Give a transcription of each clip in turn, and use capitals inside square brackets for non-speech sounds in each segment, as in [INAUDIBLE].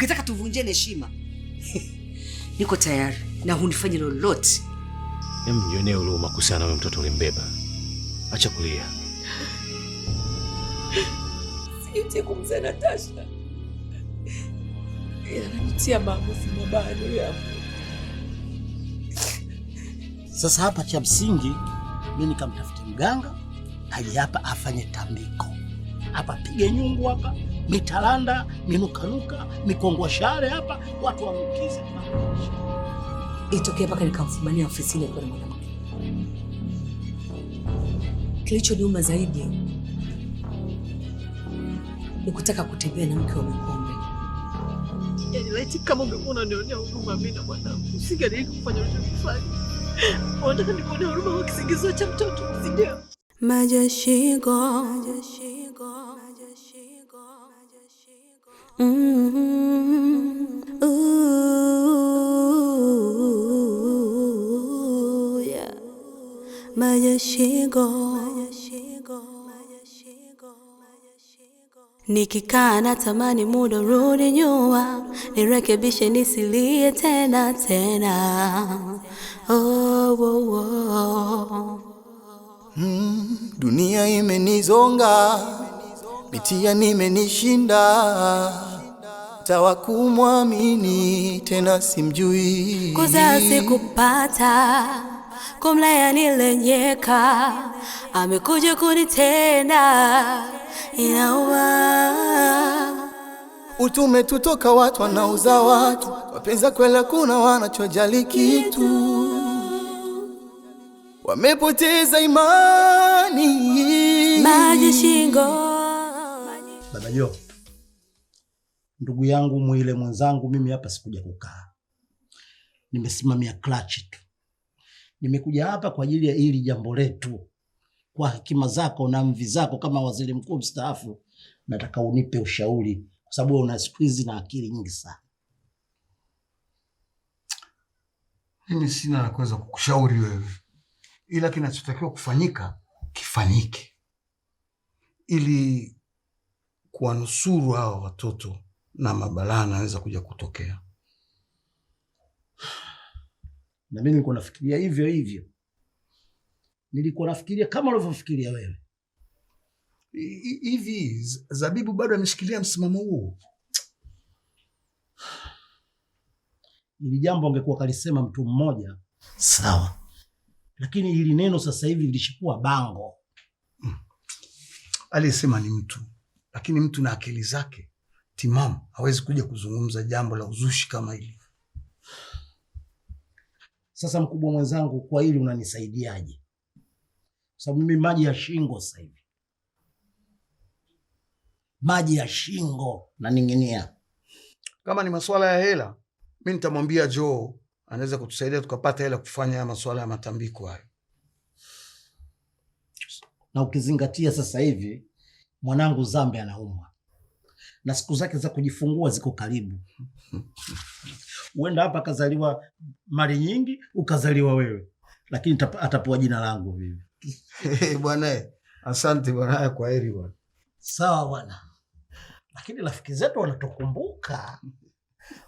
ukitaka tuvunjeni heshima [LAUGHS] niko tayari na hunifanye lolote. Mjionee huruma kusana, na mtoto ulimbeba, acha kulia. Sijutie [SIGHS] kumzaa Natasha, ila maamuzi mabaya niliyoyafanya. Sasa hapa cha msingi mi nikamtafuta mganga aje hapa afanye tambiko hapa, pige nyungu hapa mitalanda, minukanuka, mikongwashare hapa, watu wamukize itokee mpaka nikamfumania ofisini kwa mwanamke. Kilichoniuma zaidi ni kutaka kutembea na mke wa mkombe. Yaani kama ungekuwa unanionea huruma mimi na mwanangu, usingeliko kufanya ulichofanya. Unataka nikuone huruma kwa kisingizio cha mtoto, si ndio? Majashigo, majashigo. Mm-hmm. nikikaa na tamani muda rudi nyuma nirekebishe nisilie tena tena. Oh, oh, oh. Mm, dunia imenizonga, mitia nimenishinda hata kumwamini tena simjui. Kosa sikupata kumlaya nilenyeka, amekuja kunitenda inauma. Utume tutoka watu wanauza watu, wapenza kwela kuna wanachojali kitu, wamepoteza imani. Maji shingo. Baba ndugu yangu Mwile mwenzangu, mimi hapa sikuja kukaa, nimesimamia clutch tu. Nimekuja hapa kwa ajili ya hili jambo letu. Kwa hekima zako na mvi zako kama waziri mkuu mstaafu, nataka unipe ushauri, kwa sababu una siku hizi na akili nyingi sana. Mimi sina la kuweza kukushauri wewe, ila kinachotakiwa kufanyika kifanyike ili kuwanusuru hawa watoto na mabalaa anaweza kuja kutokea. Na mimi nilikuwa nafikiria hivyo hivyo, nilikuwa nafikiria kama ulivyofikiria wewe. Hivi Zabibu bado ameshikilia msimamo huo? Ili jambo angekuwa kalisema mtu mmoja sawa, lakini ili neno sasa hivi lilishikua bango. Hmm. Aliyesema ni mtu, lakini mtu na akili zake timamu hawezi kuja kuzungumza jambo la uzushi kama hili. Sasa mkubwa mwenzangu, kwa hili unanisaidiaje? Kwa sababu mimi maji ya shingo sasa hivi, maji ya shingo naning'inia. Kama ni masuala ya hela, mi nitamwambia Joe anaweza kutusaidia tukapata hela kufanya haya masuala ya matambiko hayo, na ukizingatia sasa hivi mwanangu Zambe anaumwa na siku zake za kujifungua ziko karibu. Uenda hapa akazaliwa mali nyingi, ukazaliwa wewe, lakini atapewa jina langu Hey, [LAUGHS] Bwana asante bwana, kwa heri bwana. Sawa bwana, lakini rafiki zetu wanatukumbuka,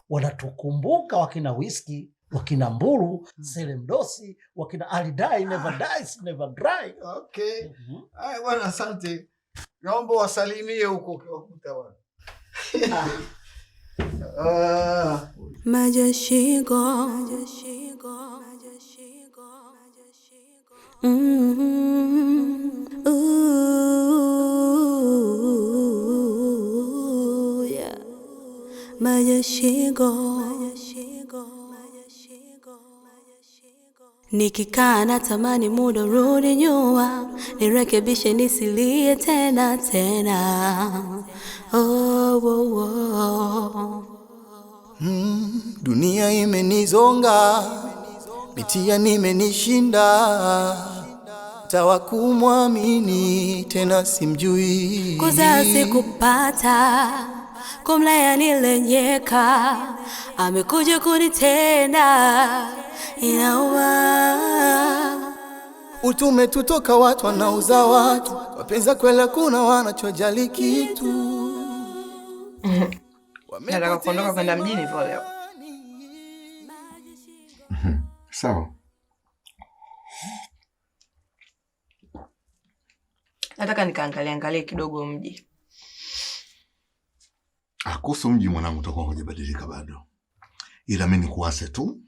wanatukumbuka wakina Wiski, wakina Mburu, Selemdosi, wakina Ali Die Never Dies Never Dry. Okay mhm. bwana, asante. Naomba wasalimie huko ukiwakuta bwana. Maja shingo Maja Nikikaa na tamani muda rudi nyuma, nirekebishe nisilie tena tena, oh. Hmm, dunia imenizonga, mitia nimenishinda tawakumwamini tena simjui, Kuza sikupata, kumlea yanilenyeka amekuja kunitenda, inauma utume tutoka watu wanauza watu wapenza kwela, kuna wanachojali kitu nataka kuondoka kwenda mjini tu leo. [LAUGHS] Sawa, nataka nikaangalia angalia kidogo mji. Ah, kuhusu mji mwanangu, utakuwa hujabadilika bado, ila mi nikuase tu,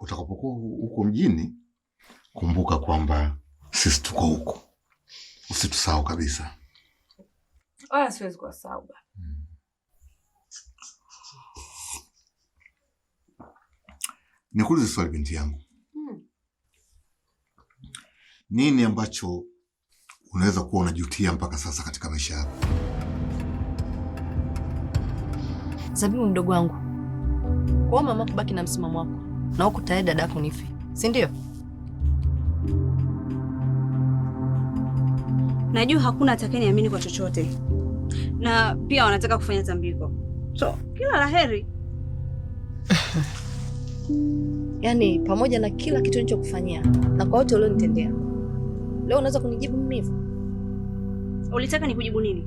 utakapokuwa huko mjini kumbuka kwamba sisi tuko huko, usitusahau kabisa. Wala siwezi kuwasahau baba. Hmm. Nikuulize swali binti yangu, hmm. Nini ambacho unaweza kuwa unajutia mpaka sasa katika maisha yako? Zabibu mdogo wangu, kwa mama kubaki na msimamo wako na huku tayari yako nife, si ndio? Najua hakuna atakayeniamini kwa chochote, na pia wanataka kufanya tambiko, so kila laheri [LAUGHS] yaani pamoja na kila kitu nilichokufanyia na kwa wote ulionitendea, leo unaweza kunijibu mimi hivyo? Ulitaka nikujibu nini?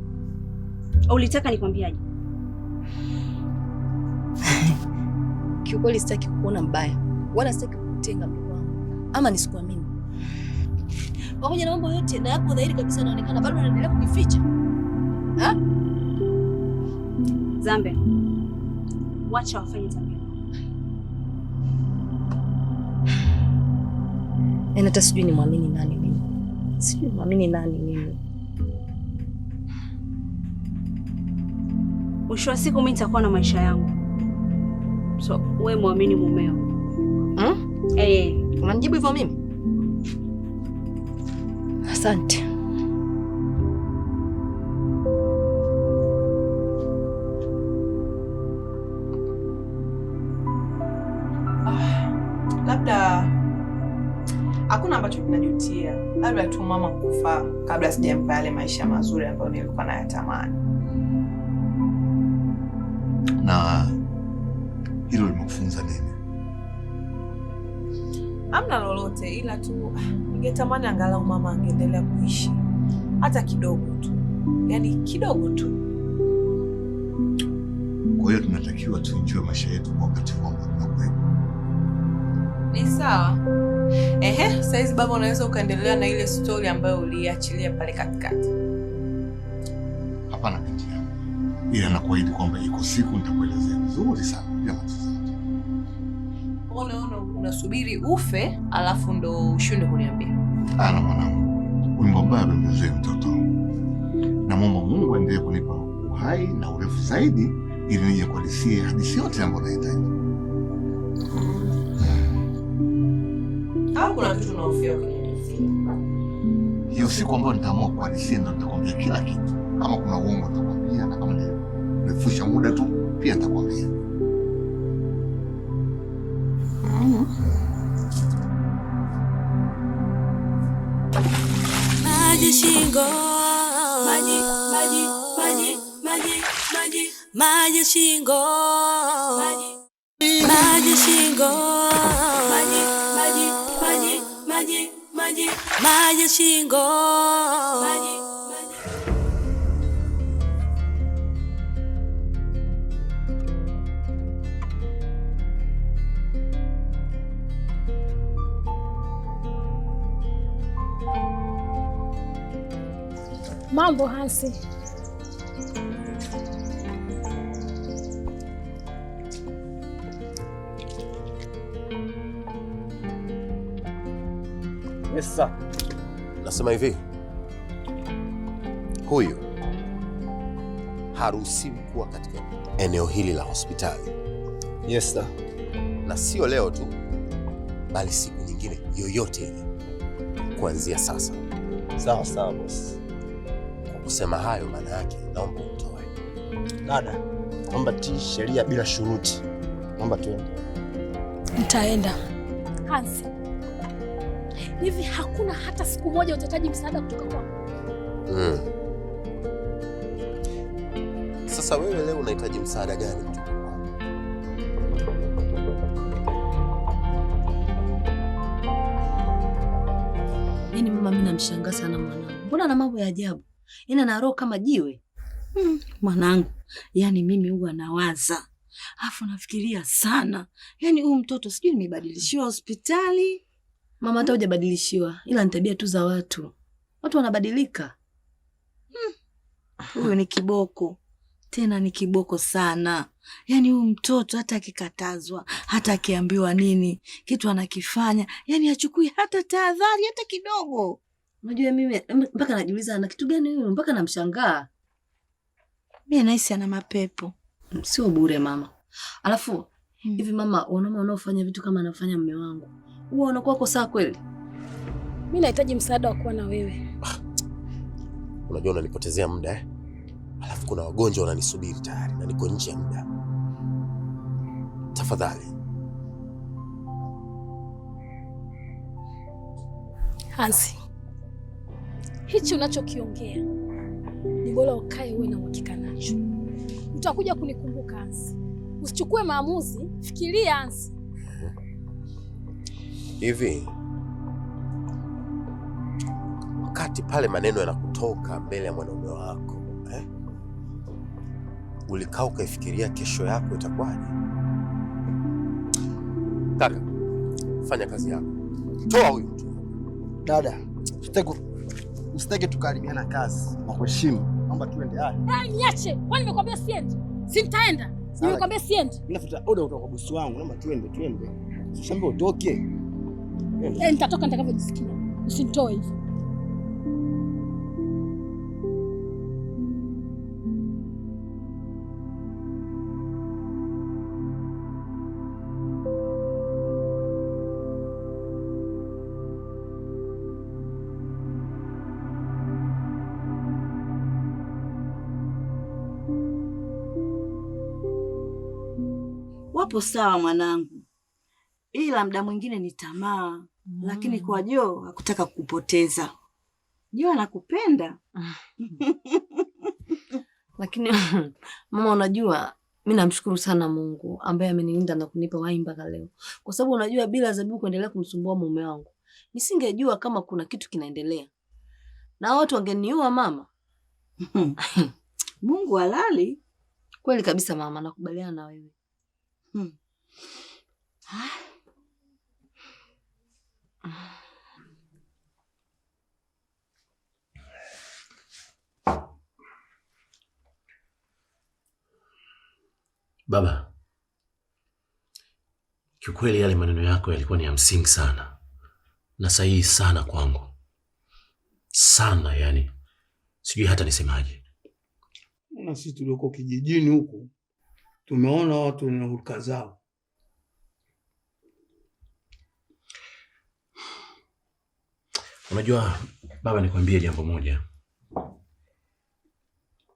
Ulitaka nikwambiaje? [LAUGHS] Kiukweli sitaki kukuona mbaya wala sitaki kukutenga mdogo wangu, ama nisikuamini. Pamoja na mambo yote na yako dhahiri kabisa naonekana, bado unaendelea kunificha ha? Zambe, wacha wafanye Yaani hata sijui nimwamini nani mimi, sijui nimwamini nani mimi. Mwisho wa siku mimi nitakuwa na maisha yangu, so we mwamini mumeo. Hmm? Eh, unanijibu hivyo mimi? Asante. Ah, labda Hakuna ambacho kinajutia, labda tu mama kufa kabla sijampa yale maisha mazuri ambayo nilikuwa nayatamani. Na hilo limekufunza nini? amna lolote, ila tu ningetamani angalau mama angeendelea kuishi hata kidogo tu, yaani kidogo tu. Kwa hiyo tunatakiwa tuinjue maisha yetu kwa wakati ambao tunakuwepo. Ni sawa. Ehe, saizi baba, unaweza ukaendelea na ile stori ambayo uliachilia pale katikati. Hapana binti yangu, ila nakuahidi kwamba iko siku nitakuelezea vizuri sana bila matatizo. ona, unasubiri ufe alafu ndo ushinde kuniambia? Ana mwanangu, wimbo mbaya bembelezee mtoto, namwomba Mungu aendelee kunipa uhai na urefu zaidi ili nije kuhadisie hadithi yote ambayo nahitaji au kuna kitu unaofia kwenye Hiyo siku ambayo nitaamua kuhalisia ndo nitakwambia kila kitu. Kama kuna uongo nitakwambia, na kama nirefusha muda tu pia nitakwambia. Maji shingo, maji, maji, maji, maji, maji, maji shingo, maji shingo maji, maji shingo, maji, Mambo Hansi. Anasema hivi, huyu haruhusiwi kuwa katika eneo hili la hospitali. Yes sir. Na sio leo tu, bali siku nyingine yoyote ile kuanzia sasa. Sawa sawa boss. Kwa kusema hayo, maana yake naomba utoe. Dada, naomba tii sheria bila shuruti, naomba tuende. Ntaenda Hansi hivi hakuna hata siku moja utahitaji msaada kutoka kwangu? Mm. Sasa wewe leo unahitaji msaada gani kutoka Yaani mama, mimi namshangaa sana mwanangu, mbona ana mambo ya ajabu, ina yaani na roho kama jiwe. Mm, mwanangu, yaani mimi huwa nawaza afu nafikiria sana, yaani huyu mtoto sijui nimebadilishiwa hospitali Mama, hata hujabadilishiwa, ila ni tabia tu za watu. Watu wanabadilika. Hmm. Huyu ni kiboko tena, ni kiboko sana. Yaani huyu mtoto hata akikatazwa, hata akiambiwa nini kitu anakifanya, yaani achukui hata tahadhari hata kidogo. Unajua mimi mpaka najiuliza ana kitu gani huyu, mpaka namshangaa. Mimi nahisi ana mapepo, sio bure mama. Alafu hmm. hivi hmm, mama, wanaume wanaofanya vitu kama anafanya mume wangu huwa wanakuwako saa kweli? Mimi nahitaji msaada wa kuwa na wewe. Ah, unajua unanipotezea muda eh? Alafu kuna wagonjwa wananisubiri tayari na niko nje ya muda. Tafadhali Hansi, hichi unachokiongea ni bora ukae uwe na uhakika nacho. Utakuja kunikumbuka Hansi. Usichukue maamuzi, fikiria Hansi hivi wakati pale maneno yanakutoka mbele ya mwanaume wako eh? Ulikaa ukaifikiria kesho yako itakuwaje? Kaka, fanya kazi yako, toa huyu mtu. Dada, usitake tukaribiana kazi na kuheshimu, naomba tuende. Haya, ah. eh, niache. Kwani nimekwambia siendi? Si nimekwambia siendi. Nafuta oda kutoka kwa bosi wangu, naomba tuende, tuende, shamba utoke Yaani. Yaani nitatoka nitakavyojisikia, usinitoe hivi. Wapo sawa mwanangu ila mda mwingine ni tamaa mm. Lakini kwa Joo hakutaka kupoteza. Jo anakupenda [LAUGHS] lakini mama, unajua mi namshukuru sana Mungu ambaye amenilinda na kunipa wai mpaka leo, kwa sababu unajua, bila Zabibu kuendelea kumsumbua mume wangu nisingejua kama kuna kitu kinaendelea na watu wangeniua mama. Hmm. [LAUGHS] Mungu halali kweli kabisa mama, nakubaliana na wewe hmm. Ah. Baba, kiukweli yale maneno yako yalikuwa ni ya msingi sana na sahihi sana kwangu sana, yani sijui hata nisemaje. Na sisi tulioko kijijini huku tumeona watu wenye hulka zao Unajua baba, nikwambie jambo moja.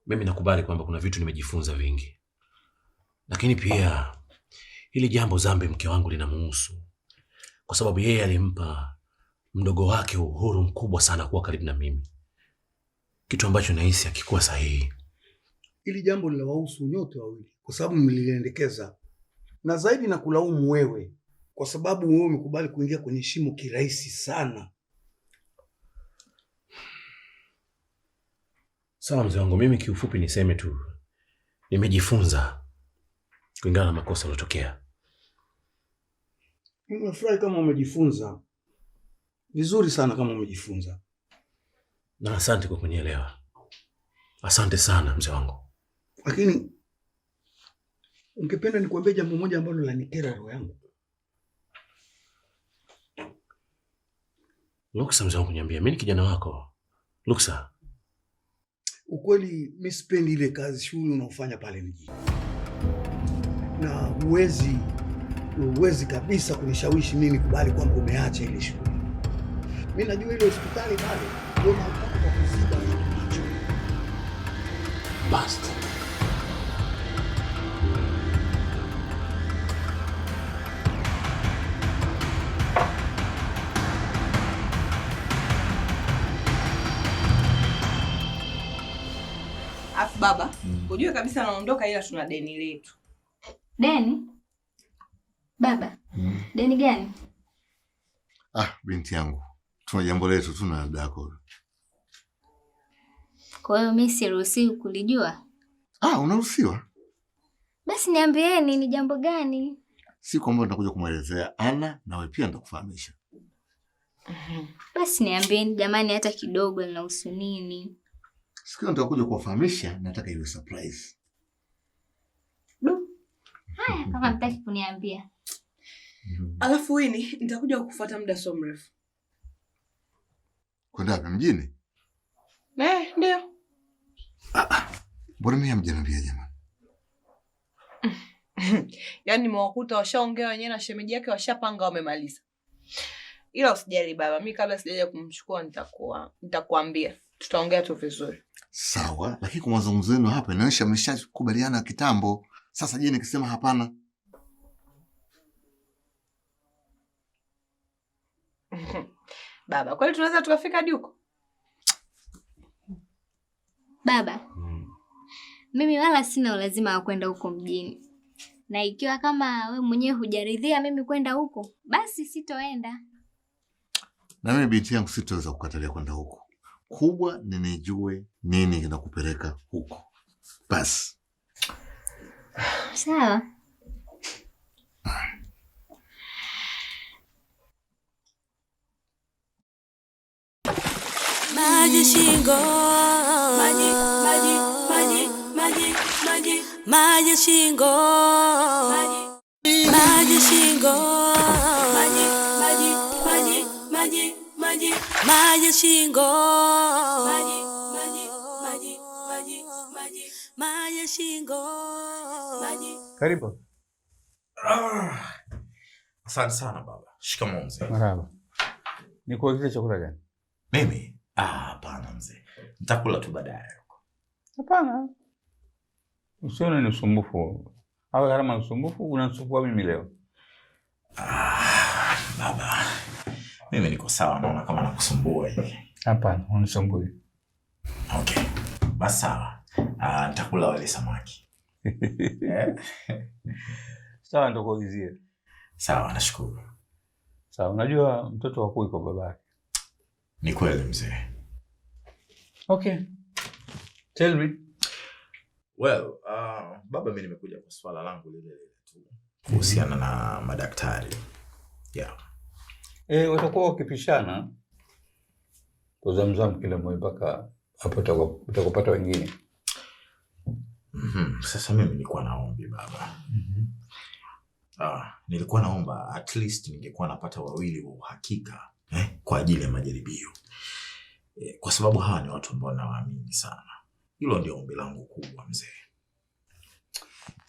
Mimi nakubali kwamba kuna vitu nimejifunza vingi, lakini pia hili jambo zambi mke wangu linamuhusu, kwa sababu yeye alimpa mdogo wake uhuru mkubwa sana kuwa karibu na mimi, kitu ambacho nahisi hakikuwa sahihi. Hili jambo linawahusu nyote wawili, kwa sababu mliliendekeza, na zaidi na kulaumu wewe, kwa sababu wewe umekubali kuingia kwenye shimo kirahisi sana. Sawa mzee wangu, mimi kiufupi niseme tu nimejifunza kulingana na makosa yaliyotokea. Nimefurahi kama umejifunza vizuri sana, kama umejifunza na asante kwa kunielewa. Asante sana mzee wangu, lakini ungependa nikuambie jambo moja ambalo lanikera roho yangu. Luksa mzee wangu, niambia. Mimi ni kijana wako Luksa. Ukweli mi sipendi ile kazi, shughuli unaofanya pale mjini, na huwezi huwezi kabisa kunishawishi mimi kubali kwamba umeacha ile shughuli. Mi najua ile hospitali pale ndio mapato kwa kuziba macho basta Baba, mm. Ujue kabisa naondoka, ila tuna deni letu. Deni baba? mm. Deni gani? Ah, binti yangu, tuna jambo letu tu na dadako. Kwa hiyo mimi siruhusiwi kulijua? Ah, unaruhusiwa. Basi niambieni ni jambo gani? Si kwamba nitakuja kumwelezea Ana, nawe pia nitakufahamisha. Mhm. Basi niambieni jamani, hata kidogo linahusu nini? Siku nitakuja kuwafahamisha, nataka iwe surprise. Haya, [LAUGHS] kama mtaki kuniambia. Mm-hmm. Alafu Wini, nitakuja kukufuata muda sio mrefu. Kwenda wapi mjini? Eh, ndio. Ah, ah. mbona mimi hamjaniambia jamani? [LAUGHS] Yaani nimewakuta washaongea wenyewe na shemeji yake washapanga wamemaliza. Ila usijali baba, mimi kabla sijaja kumchukua nitakuwa nitakuambia. Tutaongea tu vizuri sawa, lakini kwa mazungumzo yenu hapa inaonyesha mlishakubaliana kitambo. Sasa je, nikisema hapana? [LAUGHS] Baba, kweli tunaweza tukafika hadi huko baba? Hmm. Mimi wala sina ulazima wa kwenda huko mjini, na ikiwa kama we mwenyewe hujaridhia mimi kwenda huko, basi sitoenda. Na mimi binti yangu sitoweza kukatalia kwenda huko kubwa ni nijue nini kinakupeleka huko. Basi sawa. Maji shingo, maji, maji, maji, maji, maji, maji shingo, maji, maji shingo, maji, maji, maji, maji maji shingo, maji, maji, maji, maji, maji, maji shingo, maji. Karibu. Ah, asante sana baba. Shikamoo mzee. Marhaba. Nikuagile chakula gani? Mimi? Ah, hapana mzee, nitakula tu baadaye. huko. Hapana, usione ni usumbufu au gharama ya usumbufu. unanisumbua mimi leo. Ah, baba mimi niko sawa, naona kama nakusumbua hivi. Hapana, unisumbui. Okay, basi sawa, ah, nitakula wale samaki [LAUGHS] eh? sawa, nitakuagizia. Sawa, nashukuru. Sawa, unajua mtoto wakuu iko babake. Ni kweli mzee. Okay, tell me. Well, uh, baba, mi nimekuja kwa swala langu lile lile tu kuhusiana na madaktari yeah. E, watakuwa wakipishana kuzamzam kila mmoja mpaka hapo utakopata wengine. mm -hmm. Sasa mimi nilikuwa naombi baba. mm -hmm. Ah, nilikuwa naomba at least ningekuwa napata wawili wa uhakika eh, kwa ajili ya majaribio eh, kwa sababu hawa ni watu ambao nawaamini sana. Hilo ndio ombi langu kubwa mzee.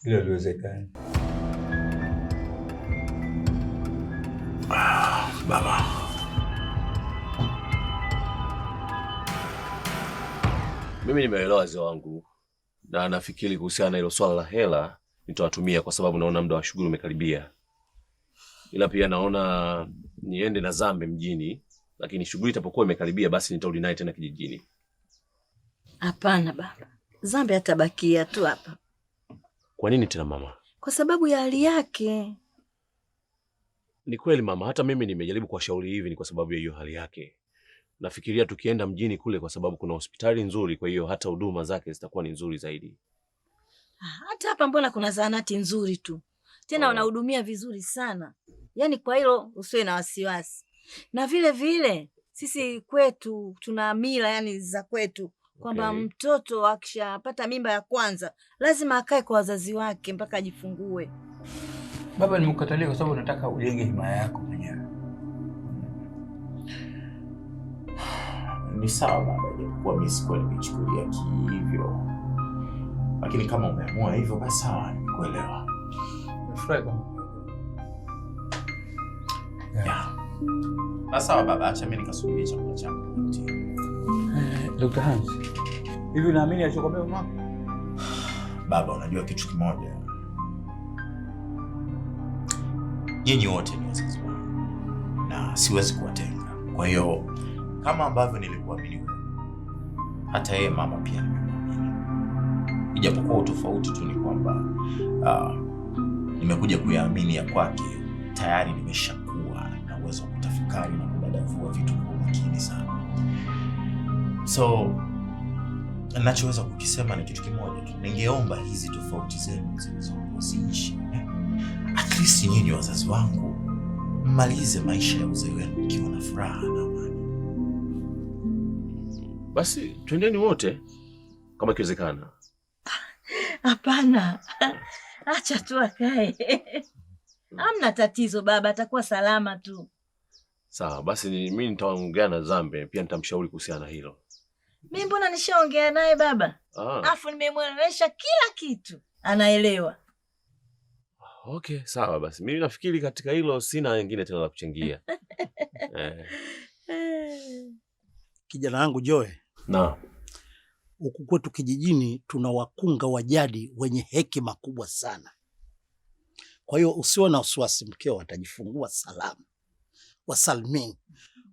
Hilo liwezekani. Ah baba. Mimi nimeelewa wazee wangu na nafikiri kuhusiana na hilo swala la hela nitawatumia, kwa sababu naona muda wa shughuli umekaribia, ila pia naona niende na Zambe mjini, lakini shughuli itapokuwa imekaribia, basi nitarudi naye tena kijijini. Hapana baba, Zambe atabakia tu hapa. Kwa nini tena mama? Kwa sababu ya hali yake ni kweli mama, hata mimi nimejaribu kuwashauri hivi, ni kwa sababu ya hiyo hali yake. Nafikiria tukienda mjini kule, kwa sababu kuna hospitali nzuri, kwa hiyo hata huduma zake zitakuwa ni nzuri zaidi. Ah, hata hapa mbona kuna zahanati nzuri tu tena, ah. wanahudumia vizuri sana yaani, kwa hilo usiwe na wasiwasi. Na vile vile sisi kwetu tuna mila yani za kwetu kwamba okay, mtoto akishapata mimba ya kwanza lazima akae kwa wazazi wake mpaka ajifungue. Baba, nimekukatalia kwa sababu nataka ujenge himaya yako mwenyewe. Ni sawa baba, japokuwa mimi sikuwa nimechukulia kihivyo, lakini kama umeamua hivyo basi sawa, nimekuelewa. Sawa baba, acha mimi nikasubiri chakula changu. Dr. Hans, hivi unaamini alichokwambia mama? Baba, unajua kitu kimoja nyinyi wote ni wazazi wangu na siwezi kuwatenga. Kwa hiyo kama ambavyo nilikuamini wewe, hata yeye mama pia nimemwamini, ijapokuwa utofauti tu ni kwamba uh, nimekuja kuyaamini ya kwake tayari nimeshakuwa na uwezo wa kutafakari na kudadavua vitu kwa makini sana. So nachoweza kukisema ni kitu kimoja tu, ningeomba hizi tofauti zenu zilizopo ziishi eh? Nahisi nyinyi wazazi wangu mmalize maisha ya uzee wenu mkiwa na furaha na amani. Basi twendeni wote kama ikiwezekana. Hapana, acha tu akae. Hamna tatizo baba, atakuwa salama tu. Sawa basi, mi nitaongea na Zambe, pia nitamshauri kuhusiana na hilo. mi mbona nishaongea naye baba, alafu ah. nimemwelewesha kila kitu, anaelewa. Okay, sawa basi. Mimi nafikiri katika hilo sina wengine tena la kuchangia. Eh. [LAUGHS] Kijana wangu Joe. na Huku kwetu kijijini tuna wakunga wa jadi wenye hekima kubwa sana. Kwa hiyo usiwe na wasiwasi, mkeo atajifungua salama wasalmini,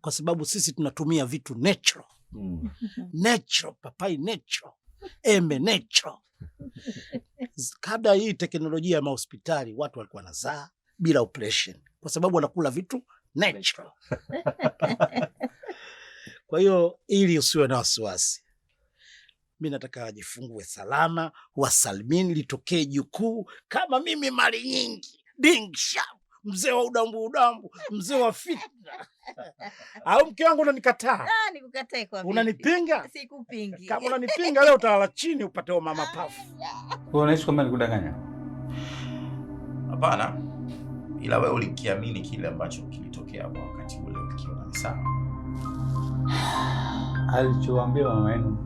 kwa sababu sisi tunatumia vitu natural. Mm. Natural, papai natural, embe natural Kabla hii teknolojia ya mahospitali watu walikuwa nazaa bila operation, kwa sababu wanakula vitu natural. [LAUGHS] Kwa hiyo ili usiwe na wasiwasi, mi nataka wajifungue salama, wasalimini, litokee jukuu kama mimi mali nyingi dingsha mzee wa udambu udambu, mzee wa fitna [LAUGHS] au mke wangu unanikataa? Ah, Nikukatae kwa vipi? Unanipinga? Sikupingi. Kama unanipinga leo utalala chini upate wa mama pafu. [LAUGHS] Wewe unaishi kama nikudanganya? Hapana, ila wewe ulikiamini kile ambacho kilitokea kwa wakati ule, ukiona ni sawa. [SIGHS] Alichoambiwa mama yenu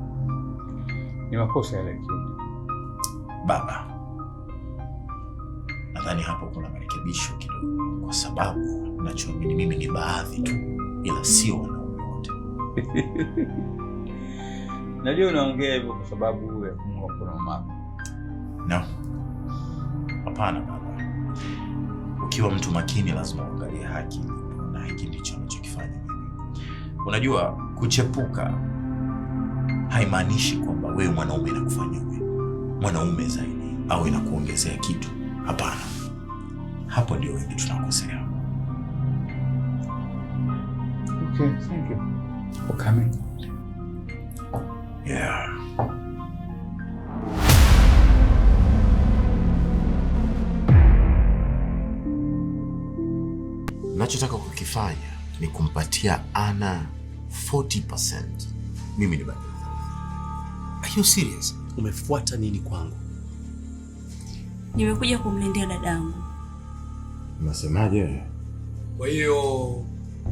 ni makosa yale. Baba Nadhani hapo kuna marekebisho kidogo, kwa sababu nachoamini mimi ni baadhi tu, ila sio wanaume wote. [LAUGHS] Najua unaongea hivyo kwa sababu ya kuunga kuna mama. No, hapana baba, ukiwa mtu makini lazima uangalie haki, na hiki ndicho anachokifanya. Unajua, kuchepuka haimaanishi kwamba wewe mwanaume inakufanya uwe mwanaume zaidi au inakuongezea kitu Hapana, hapo ndio wengi tunakosea. Okay, thank you for coming. Yeah. Nachotaka kukifanya ni kumpatia Ana 40%. Mimi ni Are you serious? Umefuata nini kwangu? Nimekuja kumlindia dadangu. Unasemaje Kwa hiyo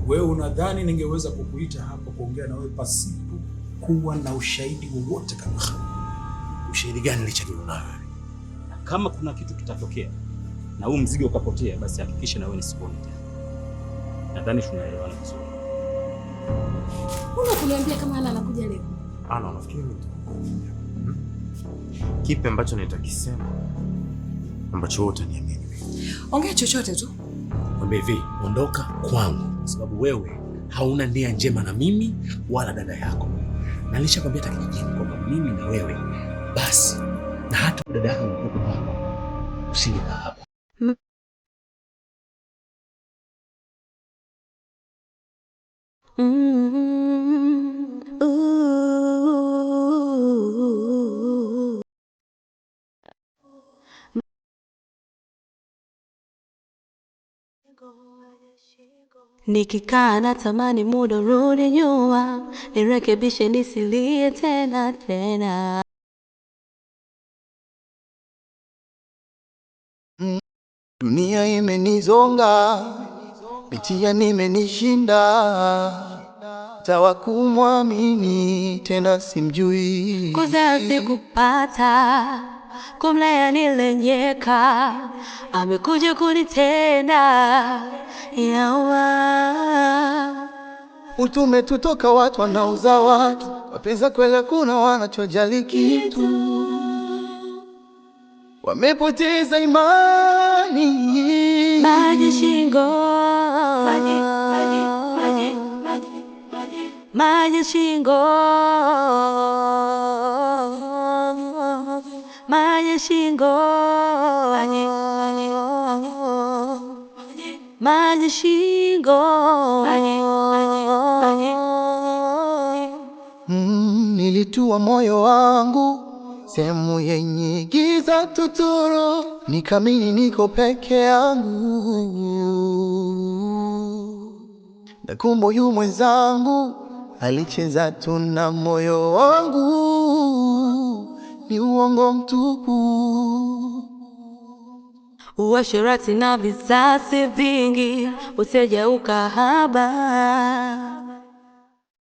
wewe unadhani ningeweza kukuita hapa kuongea na wewe pasipo kuwa na ushahidi wowote kabisa? Ushahidi gani Richard Na Kama kuna kitu kitatokea na huu mzigo ukapotea, basi hakikisha na wewe nisikuone tena. Nadhani tunaelewana vizuri. Mbona kuniambia kama ana anakuja leo? Ana, unafikiri nitakuja? Hmm? Kipi ambacho nitakisema? ambacho wewe utaniamini. Ongea chochote tu. Mwambie hivi, ondoka kwangu kwa sababu wewe hauna nia njema na mimi wala dada yako. Na nilishakwambia hata kijijini kwamba mimi na wewe basi, na hata dada yako mkubwa wako usinikaa hapo. Mm. Nikikaa tamani muda rudi nyuma, nirekebishe nisilie tena tena. Dunia imenizonga, mitia nimenishinda tawa kumwamini tena simjui, kuzazi kupata kumla mlaya nilenyeka, amekuja kunitenda yawa utume tutoka watu wanauza watu wapenza kwela, kuna wanachojali kitu, wamepoteza imani. Maji shingo, maji, maji, maji, maji, maji shingo majengo maji mm, nilitua moyo wangu sehemu yenye giza tuturu, nikamini niko peke yangu, na kumbe yu mwenzangu alicheza tu na moyo wangu ni uongo mtupu. Uasherati na visasi vingi, usije ukahaba